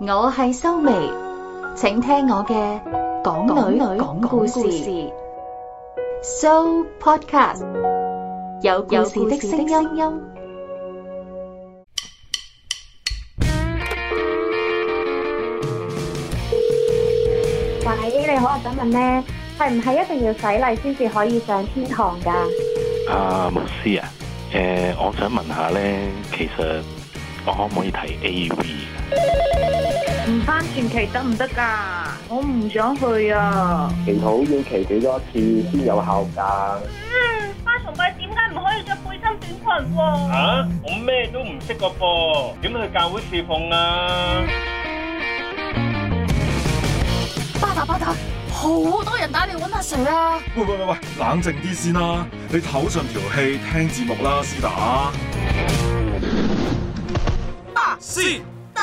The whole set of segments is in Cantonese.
我係修眉，請聽我嘅講女女講故事。So podcast 有故事的聲音。喂，你好，我想問咧，係唔係一定要洗禮先至可以上天堂噶？啊，牧師啊，誒，我想問下咧，其實我可唔可以睇 AV？唔翻前期得唔得噶？我唔想去啊！祈禱要祈幾多次先有效噶？嗯，花童妹點解唔可以着背心短裙喎？啊，我咩都唔識個噃，點去教會侍奉啊？巴打巴打，好多人打嚟揾阿誰啊？喂喂喂喂，冷靜啲先啦，啊，你唞順條氣，聽節目啦，絲打。巴 C。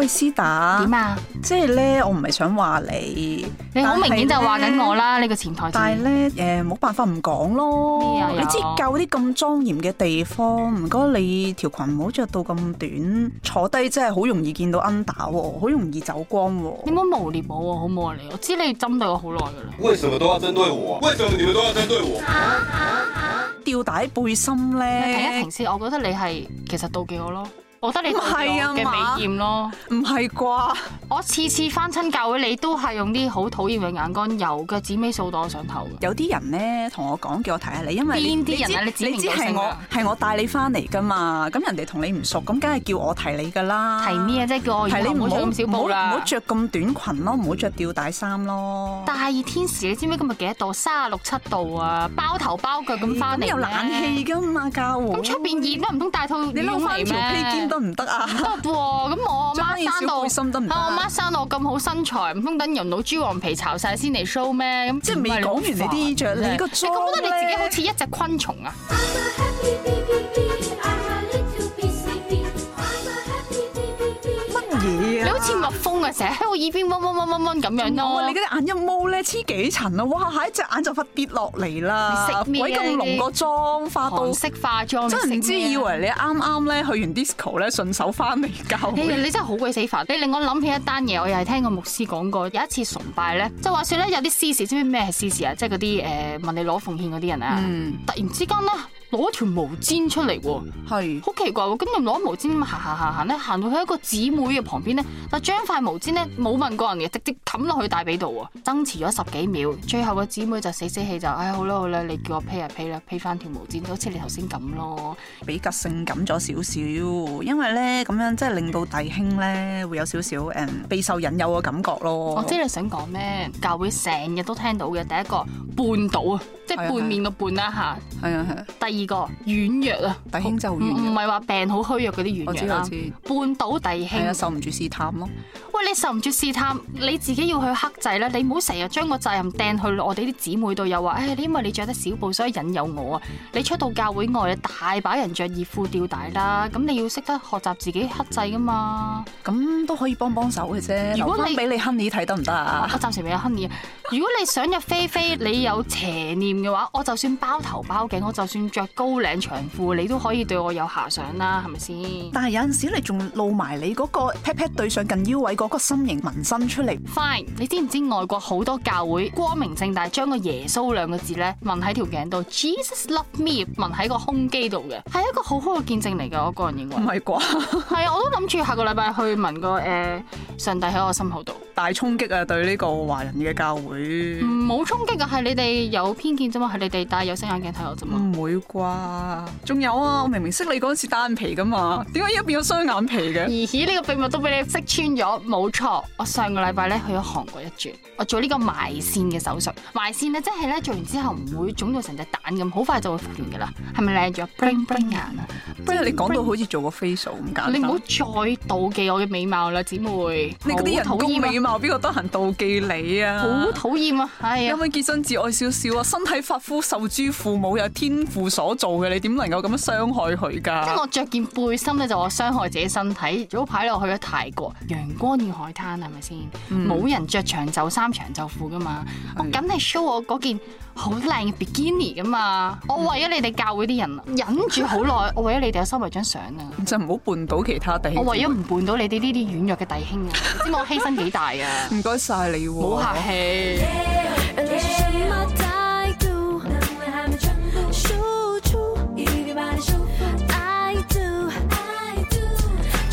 喂，師打點啊？即係咧，我唔係想話你，你好明顯就話緊我啦，呢你個前台前。但係咧，誒、呃，冇辦法唔講咯。啊、你知舊啲咁莊嚴嘅地方，唔該你條裙唔好着到咁短，坐低真係好容易見到恩打 d 好容易走光，啊。你冇誣衊我，好唔好啊你？我知你針對我好耐噶啦。為什麼都要針對我？為什麼你們都要針對我？吊帶背心咧？停一停先，我覺得你係其實妒忌我咯。我覺得你討厭嘅美豔咯，唔係啩？我次次翻親教會，你都係用啲好討厭嘅眼光由腳趾尾掃到我上頭。有啲人咧同我講叫我提下你，因為邊啲人啊？你知唔知係我係我帶你翻嚟㗎嘛？咁人哋同你唔熟，咁梗係叫我提你㗎啦。提咩啫？叫我提你唔好着咁少布啦！唔好着咁短裙咯，唔好着吊帶衫咯。大熱天時，你知唔知今日幾多度？三十六七度啊，包頭包腳咁翻嚟。有冷氣㗎嘛教會？咁出邊熱咯，唔通帶套羽絨得唔得啊？得喎、 啊，咁我阿媽生到，啊，我阿媽生到咁好身材，唔通等人老豬黃皮巢晒先嚟 show 咩？咁即係未講完你啲着著你覺得、哎、你自己好似一隻昆蟲啊？黐蜜蜂啊！成日喺我耳邊嗡嗡嗡嗡嗡咁樣咯。你嗰啲眼一摸咧，黐幾層啊，哇，下一隻眼就快跌落嚟啦。你啊、鬼咁濃個妝，化到識化妝。真係唔知、啊、以為你啱啱咧去完 disco 咧順手翻嚟教、哎。你真係好鬼死煩。你令我諗起一單嘢，我又係聽個牧師講過。有一次崇拜咧，就話説咧有啲司事，知唔知咩係司事啊？即係嗰啲誒問你攞奉獻嗰啲人啊。嗯、突然之間咧，攞條毛氈出嚟喎，係好是奇怪喎，咁又攞毛氈行行行行咧，行到去一個姊妹嘅旁邊咧，就將塊毛氈咧冇問過人嘅，直接冚落去大髀度喎，爭持咗十幾秒，最後個姊妹就死死氣就，唉、哎、好啦好啦，你叫我披啊披就披啊啦，披翻條毛氈，好似你頭先咁咯，比較性感咗少少，因為咧咁樣即係令到弟兄咧會有少少誒備受引誘嘅感覺咯。我知你想講咩？教會成日都聽到嘅第一個拌倒啊，即、就、係、是、拌麵個拌啦。下的，係啊係啊，第呢個軟弱啊，弟兄就軟弱，唔係話病好虛弱嗰啲軟弱。半島弟兄係，受唔住試探咯。喂，你受唔住試探，你自己要去克制啦。你唔好成日將個責任掟去我哋啲姊妹度，又話誒，你因為你着得小布，所以引誘我啊。你出到教會外，大把人着熱褲吊帶啦，咁你要識得學習自己克制噶嘛。咁都可以幫幫手嘅啫，如果你俾你亨利睇得唔得啊？我暫時未有亨利。如果你想入非非， 你有邪念嘅話，我就算包頭包頸，我就算着，高領長褲，你都可以對我有遐想啦，係咪先？但係有陣時你仲露埋你嗰個 pat pat 對上近腰位嗰個心形紋身出嚟。Fine，你知唔知外國好多教會光明正大將個耶穌兩個字咧紋喺條頸度，Jesus Love Me，紋喺個胸肌度嘅，係一個，一個好好嘅見證嚟噶。我個人認為。唔係啩？係 啊，我都諗住下個禮拜去紋個誒、呃、上帝喺我心口度。大衝擊啊！對呢個華人嘅教會。冇衝擊啊，係你哋有偏見啫嘛，係你哋戴有色眼鏡睇我啫嘛。唔會啩？哇，仲有啊！我明明識你嗰陣時單眼皮噶嘛，點解而家變咗雙眼皮嘅？嘻嘻呢個秘密都俾你識穿咗，冇錯。我上個禮拜咧去咗韓國一轉，我做個呢個埋線嘅手術。埋線咧即係咧做完之後唔會腫到成隻蛋咁，好快就會復原噶啦。係咪靚咗？bling bling 啊！不如你講到好似做過 facial 咁解。你唔好再妒忌我嘅美貌啦，姊妹。你嗰啲人討厭美貌，邊個得閒妒忌你啊？好討厭啊！係、哎、啊，可唔可以潔身自愛少少啊？身體髮膚受諸父母，又天父所。我做嘅，你點能夠咁樣傷害佢噶？即係我着件背心咧，就係、我傷害自己身體。早排落去咗泰國，陽光與海灘係咪先？冇、嗯、人着長袖衫、長袖褲噶嘛，是的 我梗係 show 我嗰件好靚嘅 bikini 噶嘛，嗯我。我為咗你哋教會啲人，忍住好耐。我為咗你哋收埋張相啊，就唔好絆到其他到弟兄。我為咗唔絆到你哋呢啲軟弱嘅弟兄啊，知我犧牲幾大謝謝啊？唔該晒你，唔好客氣。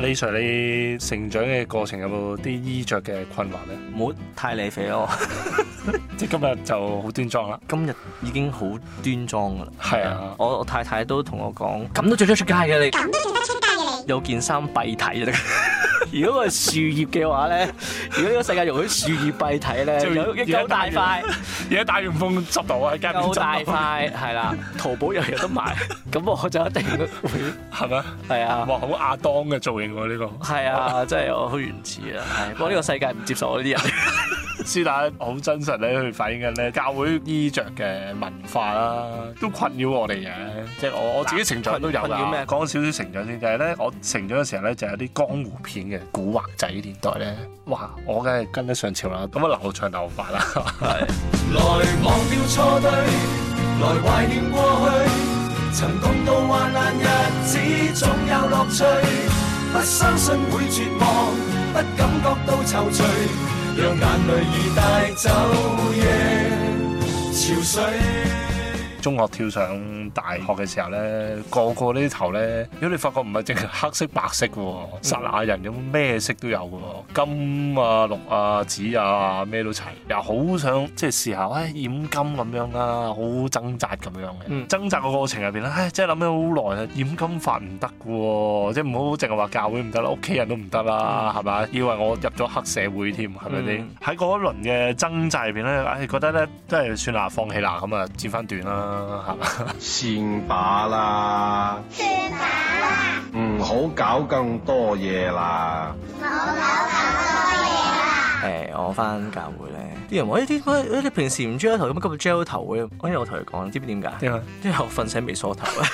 李 Sir，你成長嘅過程有冇啲衣着嘅困惑咧？唔好太肥肥我 即係今日就好端莊啦。今日已經好端莊㗎啦。係是啊我，我我太太都同我講，咁都着得出街嘅你，咁都着得出街嘅你，有件衫蔽體就得 如果個樹葉嘅話咧，如果呢個世界用啲樹葉蔽體咧，就有一大有大塊，而家打完風執到啊，夠大塊，係啦，淘寶日日都買，咁我就一定會係咪？係嗎的啊，哇、這個，好亞當嘅造型喎，呢個係啊，真係我好原始啊，不過呢個世界唔接受我呢啲人。 是但，好真實，你去反映緊咧教會衣着嘅文化啦，都困擾我哋嘅。即係我我自己成長都有啦。講少少成長先，就係、是、咧我成長嘅時候咧，就係、有啲江湖片嘅古惑仔年代咧。哇！我梗係跟得上潮流，咁啊留長頭髮啦，係。讓眼淚已帶走夜潮水。中學跳上大學嘅時候咧，個個呢啲頭咧，如果你發覺唔係淨係黑色、白色嘅，撒拉人咁咩色都有嘅喎，金啊、綠啊、紫啊，咩都齊。又好想、嗯、即係試下唉、哎，染金咁樣啊，好掙扎咁樣嘅。掙、嗯、扎個過程入邊咧，唉、哎，即係諗咗好耐啊，染金髮唔得嘅喎，即係唔好淨係話教會唔得啦，屋企人都唔得啦，係咪啊？以為我入咗黑社會添，係咪先？喺嗰、嗯、一輪嘅掙扎入邊咧，唉、哎，覺得咧都係算啦，放棄啦，咁啊，剪翻短啦。算把啦，算把啦，唔好搞咁多嘢啦，唔好啦。誒，我翻教會咧，啲人話，咦、欸，啲、欸，你平時唔吹頭，點解今日 gel 頭嘅？我因為我同佢講，知唔知點解？因為我瞓醒未梳頭啊，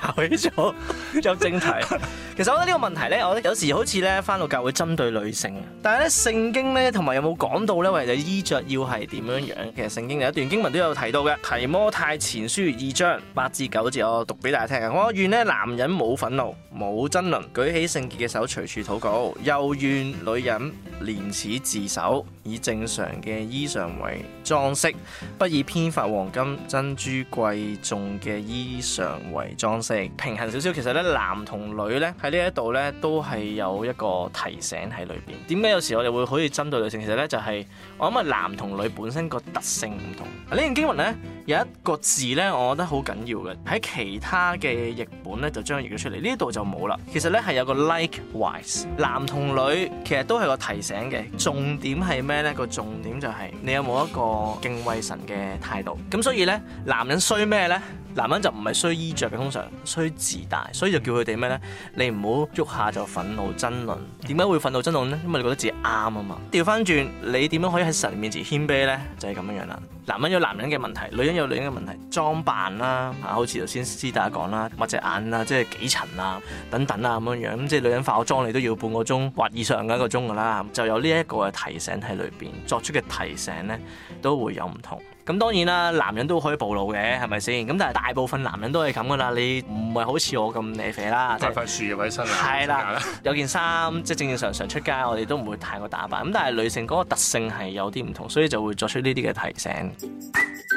走起咗入正題。 其實我覺得呢個問題咧，我有時好似咧翻到教會針對女性，但係咧聖經咧同埋有冇講到咧，或者衣着要係點樣樣？其實聖經有一段經文都有提到嘅，《提摩太前書》二章八至九節，我讀俾大家聽啊。我願呢男人冇憤怒、冇爭論，舉起聖潔嘅手，隨處禱告；又願女人廉恥自。以正常嘅衣裳為裝飾，不以編髮、黃金、珍珠、貴重嘅衣裳為裝飾，平衡少少。其實咧，男同女咧喺呢一度咧都係有一個提醒喺裏邊。點解有時我哋會可以針對女性？其實咧就係我諗啊，男同女本身個特性唔同。呢段經文咧有一個字咧，我覺得好緊要嘅。喺其他嘅譯本咧就將佢譯咗出嚟，呢度就冇啦。其實咧係有個 likewise，男同女其實都係個提醒嘅重點。點係咩呢？個重點就係你有冇一個敬畏神嘅態度。咁所以呢，男人衰咩呢？男人就唔係衰衣着嘅，通常衰自大。所以就叫佢哋咩呢？你唔好喐下就憤怒爭論。點解會憤怒爭論呢？因為你覺得自己啱啊嘛。調翻轉，你點樣可以喺神面前謙卑呢？就係咁樣啦。男人有男人嘅問題，女人有女人嘅問題，裝扮啦，嚇、啊，好似頭先知大家講啦，畫隻眼啦，即係幾層啦，等等啊咁樣樣，即係女人化妝你都要半個鐘或以上嘅一個鐘噶啦，就有呢一個嘅提醒喺裏邊，作出嘅提醒咧都會有唔同。咁當然啦，男人都可以暴露嘅，係咪先？咁但係大部分男人都係咁噶啦，你唔係好似我咁肥肥啦，帶塊樹葉喺身啊，係啦， 有件衫即係正正常常出街，我哋都唔會太過打扮。咁但係女性嗰個特性係有啲唔同，所以就會作出呢啲嘅提醒。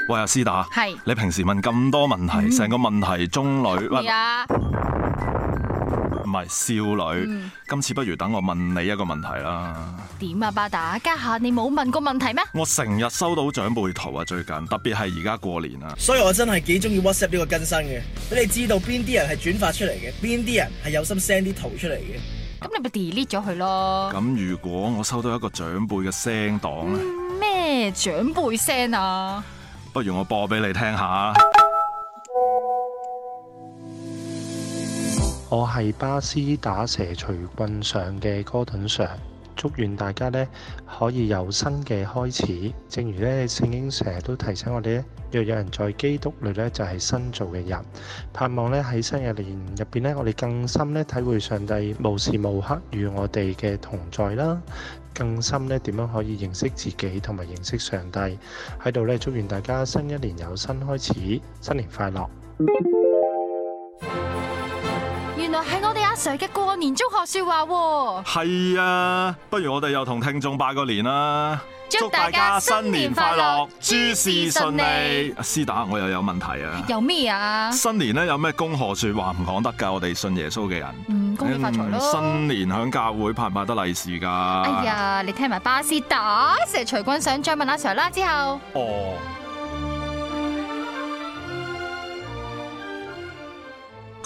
喂阿師打，係、啊、是你平時問咁多問題，成、嗯、個問題中女，啊、喂，唔係少女。嗯、今次不如等我問你一個問題啦。點啊巴打？家下你冇問過問題咩？我成日收到長輩圖啊，最近特別係而家過年啦。所以我真係幾中意 WhatsApp 呢個更新嘅，俾你知道邊啲人係轉發出嚟嘅，邊啲人係有心 send 啲圖出嚟嘅。咁你咪 delete 咗佢咯。咁如果我收到一個長輩嘅聲檔咧？嗯咩長輩聲啊？不如我播俾你聽下。我係巴斯打蛇隨棍上嘅哥頓 Sir，祝願大家呢可以有新嘅開始。正如呢，聖經成日都提醒我哋呢，若有人在基督裏呢，就係新造嘅人。盼望呢喺新嘅年入邊呢，我哋更深呢體會上帝無時無刻與我哋嘅同在啦。更深咧，點樣可以認識自己同埋認識上帝？喺度咧，祝願大家新一年有新開始，新年快樂！原來係我哋阿 Sir 嘅過年祝賀説話喎。係 啊，不如我哋又同聽眾拜個年啦！祝大家新年快樂，諸事順利。阿師打我又有問題啊！有咩啊？新年咧有咩恭賀説話唔講得㗎？我哋信耶穌嘅人。恭喜發財咯！新年響教會派唔派得利是㗎？哎呀，你聽埋巴士打石錘君想再問阿 Sir 啦，之後。哦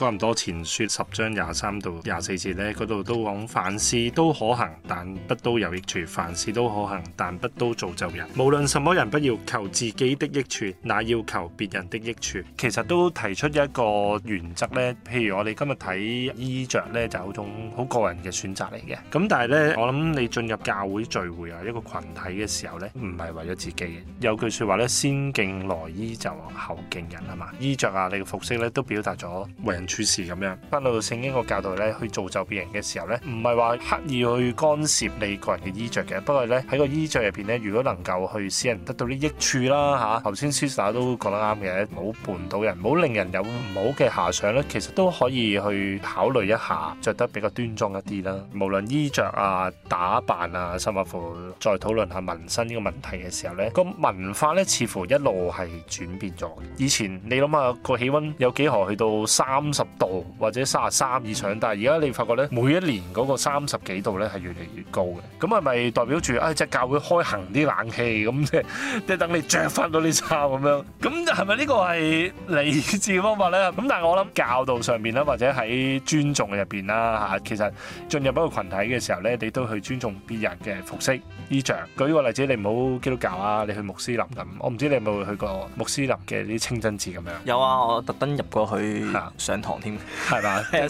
差唔多前説十章廿三到廿四節咧，嗰度都講凡事都可行，但不都有益處；凡事都可行，但不都造就人。無論什麼人，不要求自己的益處，乃要求別人的益處。其實都提出一個原則咧，譬如我哋今日睇衣着咧，就係一種好個人嘅選擇嚟嘅。咁但係咧，我諗你進入教會聚會啊，一個群體嘅時候咧，唔係為咗自己嘅。有句説話咧，先敬羅衣就後敬人啊嘛。衣着啊，你嘅服飾咧，都表達咗為人。處事咁樣，翻到聖經個教導咧，去造就別人嘅時候咧，唔係話刻意去干涉你個人嘅衣着嘅。不過咧，喺個衣着入邊咧，如果能夠去使人得到啲益處啦，嚇頭先舒莎都講得啱嘅，唔好絆倒人，唔好令人有唔好嘅遐想咧。其實都可以去考慮一下，着得比較端莊一啲啦。無論衣着啊、打扮啊，甚至乎再討論下民生呢個問題嘅時候咧，這個文化咧，似乎一路係轉變咗。以前你諗下個氣温有幾何去到三三十度或者三十三以上，但係而家你發覺咧，每一年嗰個三十幾度咧係越嚟越高嘅，咁係咪代表住啊即係教會開行啲冷氣咁即係即係等你着翻嗰啲衫咁樣？咁係咪呢個係理智方法咧？咁但係我諗教導上邊啦，或者喺尊重入邊啦吓，其實進入一個群體嘅時候咧，你都去尊重別人嘅服飾衣着。舉個例子，你唔好基督教啊，你去穆斯林咁，我唔知你有冇去過穆斯林嘅啲清真寺咁樣？有啊，我特登入過去上。堂添，係嘛？觀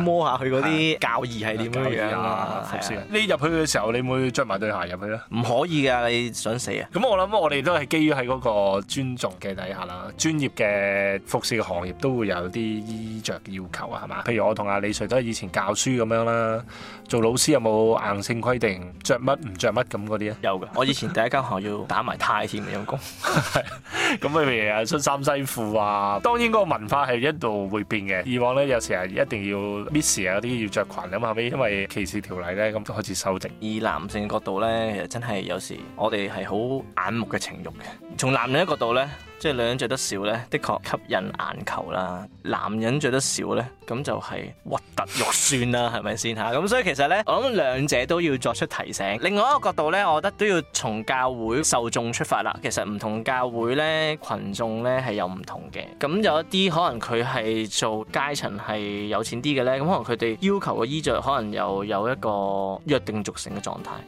摩、嗯、下佢嗰啲教義係點樣樣啊？樣啊服侍、啊，對 你入去嘅時候，你會着埋對鞋入去咧？唔可以㗎，你想死啊？咁我諗，我哋都係基於喺嗰個尊重嘅底下啦。專業嘅服侍行業都會有啲衣着要求啊，係嘛？譬如我同阿李瑞都係以前教書咁樣啦，做老師有冇硬性規定着乜唔着乜咁嗰啲啊？有㗎，我以前第一間學校要打埋呔添嘅工，咁咪日日出衫西褲啊。當然嗰個文化係一度。會變嘅，以往咧有時啊一定要 miss 啊，啲要着裙啊嘛，咪因為歧視條例咧，咁都開始收緊。以男性嘅角度咧，其實真係有時我哋係好眼目嘅情欲嘅。從男人嘅角度咧，即係女人着得少咧，的確吸引眼球啦。男人着得少咧，咁就係核突肉酸啦，係咪先吓？咁所以其實咧，我諗兩者都要作出提醒。另外一個角度咧，我覺得都要從教會受眾出發啦。其實唔同教會咧，群眾咧係有唔同嘅。咁有一啲可能佢係。係做階層係有錢啲嘅咧，咁、嗯、可能佢哋要求個衣着可能又有一個約定俗成嘅狀態。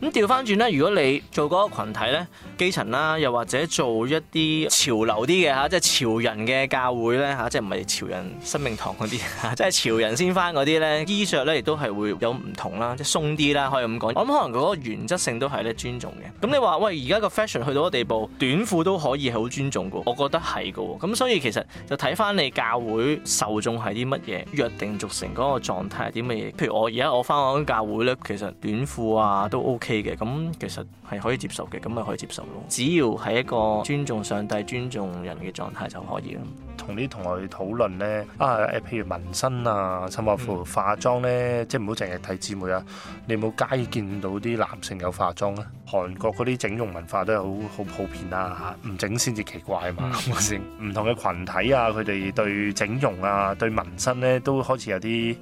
咁調翻轉咧，如果你做嗰個羣體咧，基層啦，又或者做一啲潮流啲嘅嚇，即係潮人嘅教會咧嚇、啊，即係唔係潮人生命堂嗰啲、啊，即係潮人先翻嗰啲咧，衣着咧亦都係會有唔同啦，即係鬆啲啦，可以咁講。我諗可能佢個原則性都係咧尊重嘅。咁你話喂，而家個 fashion 去到個地步，短褲都可以係好尊重嘅，我覺得係嘅。咁所以其實就睇翻你教。會受眾係啲乜嘢，約定俗成嗰個狀態係啲乜嘢？譬如我而家我翻我教會咧，其實短褲啊都 OK 嘅，咁其實係可以接受嘅，咁咪可以接受咯。只要係一個尊重上帝、尊重人嘅狀態就可以啦。同啲同學去討論咧啊，誒，譬如紋身啊，甚至乎化妝咧，即係唔好淨係睇姊妹啊，你有冇街見到啲男性有化妝啊？韓國嗰啲整容文化都係好好普遍啊，唔整先至奇怪啊嘛，先唔 同嘅群體啊，佢哋對整容啊，對紋身咧，都開始有啲誒、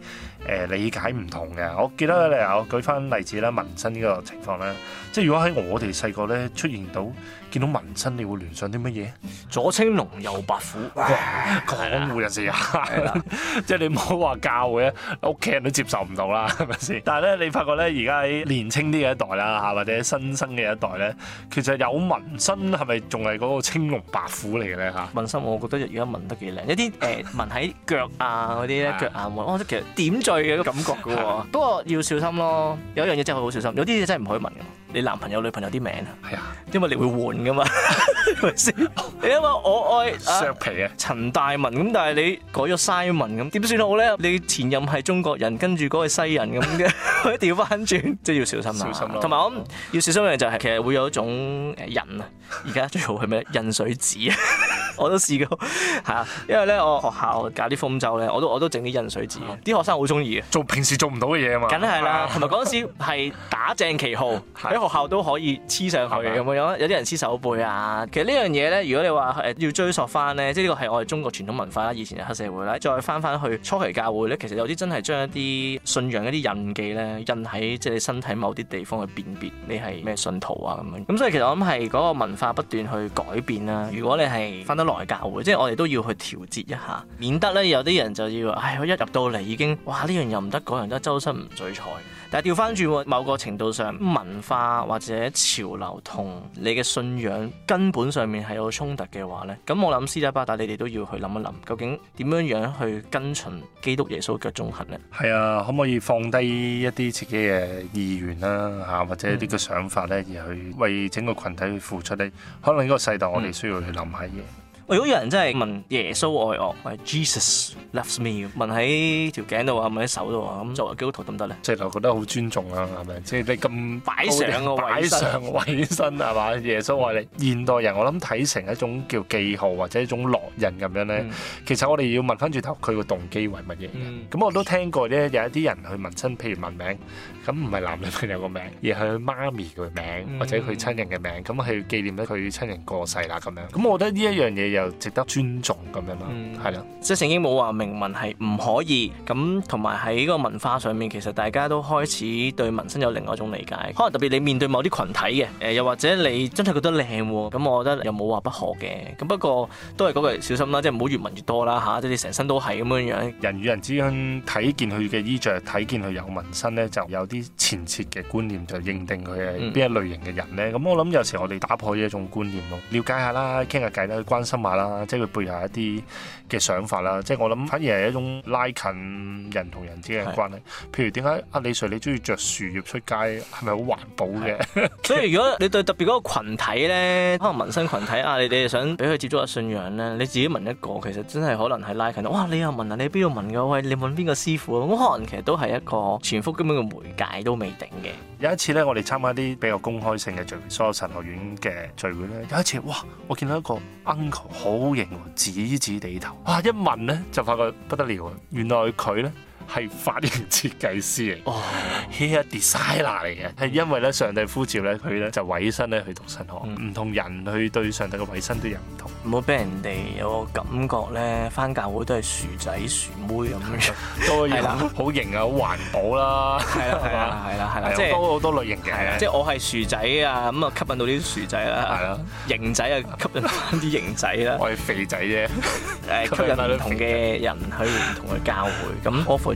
呃、理解唔同嘅。我記得你我舉翻例子啦，紋身呢個情況咧，即係如果喺我哋細個咧出現到見到紋身，你會聯想啲乜嘢？左青龍，右白虎。江湖人士啊， 即係你唔好話教會咧，屋企人都接受唔到啦，係咪先？但係咧，你發覺咧，而家喺年青啲嘅一代啦吓，或者新生嘅一代咧，其實有紋身係咪仲係嗰個青龍白虎嚟嘅咧吓？紋身我覺得而家紋得幾靚，一啲誒紋喺腳啊嗰啲咧，腳眼紋，我覺得其實點綴嘅感覺㗎喎。的不過要小心咯，有一樣嘢真係好小心，有啲嘢真係唔可以紋嘅。你男朋友女朋友啲名啊？係啊，因為你會換噶嘛，係咪先？因為我愛削皮啊，陳大文咁， 但係你改咗 Simon 咁，點算好咧？你前任係中國人，跟住嗰個西人咁嘅，調翻轉，即係要小心啦。小心咯。同埋我，要小心嘅就係，其實會有一種人啊，而家最好係咩印水紙啊。 我都試過，嚇， 因為咧我學校教啲風習咧，我都我都整啲印水紙，啲、啊、學生好中意嘅。做平時做唔到嘅嘢啊嘛，梗係啦，同埋嗰陣時係打正旗號，喺 學校都可以黐上去咁樣，吧有啲人黐手背啊。其實呢樣嘢咧，如果你話、呃、要追溯翻咧，即係呢個係我哋中國傳統文化啦，以前嘅黑社會啦，再翻翻去初期教會咧，其實有啲真係將一啲信仰一啲印記咧印喺即係你身體某啲地方去辨別你係咩信徒啊咁樣。咁所以其實我諗係嗰個文化不斷去改變啦。如果你係來教會，即係我哋都要去調節一下，免得咧有啲人就要，唉、哎，我一入到嚟已經，哇，呢樣又唔得，嗰樣都，周身唔聚財。但係調翻轉，某個程度上，文化或者潮流同你嘅信仰根本上面係有衝突嘅話咧，咁我諗，絲打巴打，你哋都要去諗一諗，究竟點樣樣去跟隨基督耶穌嘅腳蹤行咧？係啊，可唔可以放低一啲自己嘅意願啦、啊，吓或者一啲嘅想法咧，而去為整個群體去付出咧？可能呢個世代我哋需要去諗下嘢。嗯嗯如果有人真係問耶穌愛我，Jesus loves me，問喺條頸度啊，問喺手度啊，咁作為基督徒得唔得咧？即係我覺得好尊重啊，係咪？即係你咁擺上個擺上衞生係嘛？耶穌愛你。現代人我諗睇成一種叫記號或者一種烙印咁樣咧。其實我哋要問翻轉頭佢個動機為乜嘢？咁我都聽過咧，有一啲人去問親，譬如問名。咁唔係男女朋友個名，而係佢媽咪嘅名或者佢親人嘅名，咁去紀念咧佢親人過世啦咁樣。咁我覺得呢一樣嘢又值得尊重咁樣咯，係咯、嗯。的即係聖經冇話明文係唔可以咁，同埋喺個文化上面，其實大家都開始對紋身有另外一種理解。可能特別你面對某啲群體嘅，誒、呃、又或者你真係覺得靚，咁我覺得又冇話不可嘅。咁不過都係嗰句小心啦，即係唔好越紋越多啦吓，即、啊就是、你成身都係咁樣樣。人與人之間睇見佢嘅衣着，睇見佢有紋身咧，就有啲，前設嘅觀念就認定佢係邊一類型嘅人咧，咁、嗯、我諗有時我哋打破呢一種觀念咯，了解下啦，傾下偈啦，去關心下啦，即係佢背後一啲嘅想法啦，即係我諗反而係一種拉近人同人之間嘅關係。是譬如點解阿李 Sir 你中意着樹葉出街，係咪好環保嘅？所以是 如，如果你對特別嗰個群體咧，可能民生群體啊，你哋想俾佢接觸下信仰咧，你自己問一個，其實真係可能係拉近。哇，你又問啊，你喺邊度問噶？喂，你問邊個師傅啊？咁可能其實都係一個潛伏咁樣嘅媒介。都未定嘅。有一次咧，我哋參加啲比較公開性嘅聚會，所有神學院嘅聚會咧。有一次，哇！我見到一個 uncle 好型，紫紫地頭。哇！一問咧就發覺不得了，原來佢咧。係髮型設計師嚟，係一個 designer 嚟嘅。係因為咧，上帝呼召咧，佢咧就委身咧去讀神學，唔同人去對上帝嘅委身都有唔同。唔好俾人哋有個感覺咧，翻教會都係薯仔薯妹咁樣，係啦，好型啊，好環保啦，係啦，係啦，係啦，即係好多好多類型嘅，係啦，即係我係薯仔啊，咁啊吸引到啲薯仔啦，係啦，型仔啊吸引翻啲型仔啦，我係肥仔啫，誒，吸引唔同嘅人去唔同嘅教會，咁我奉。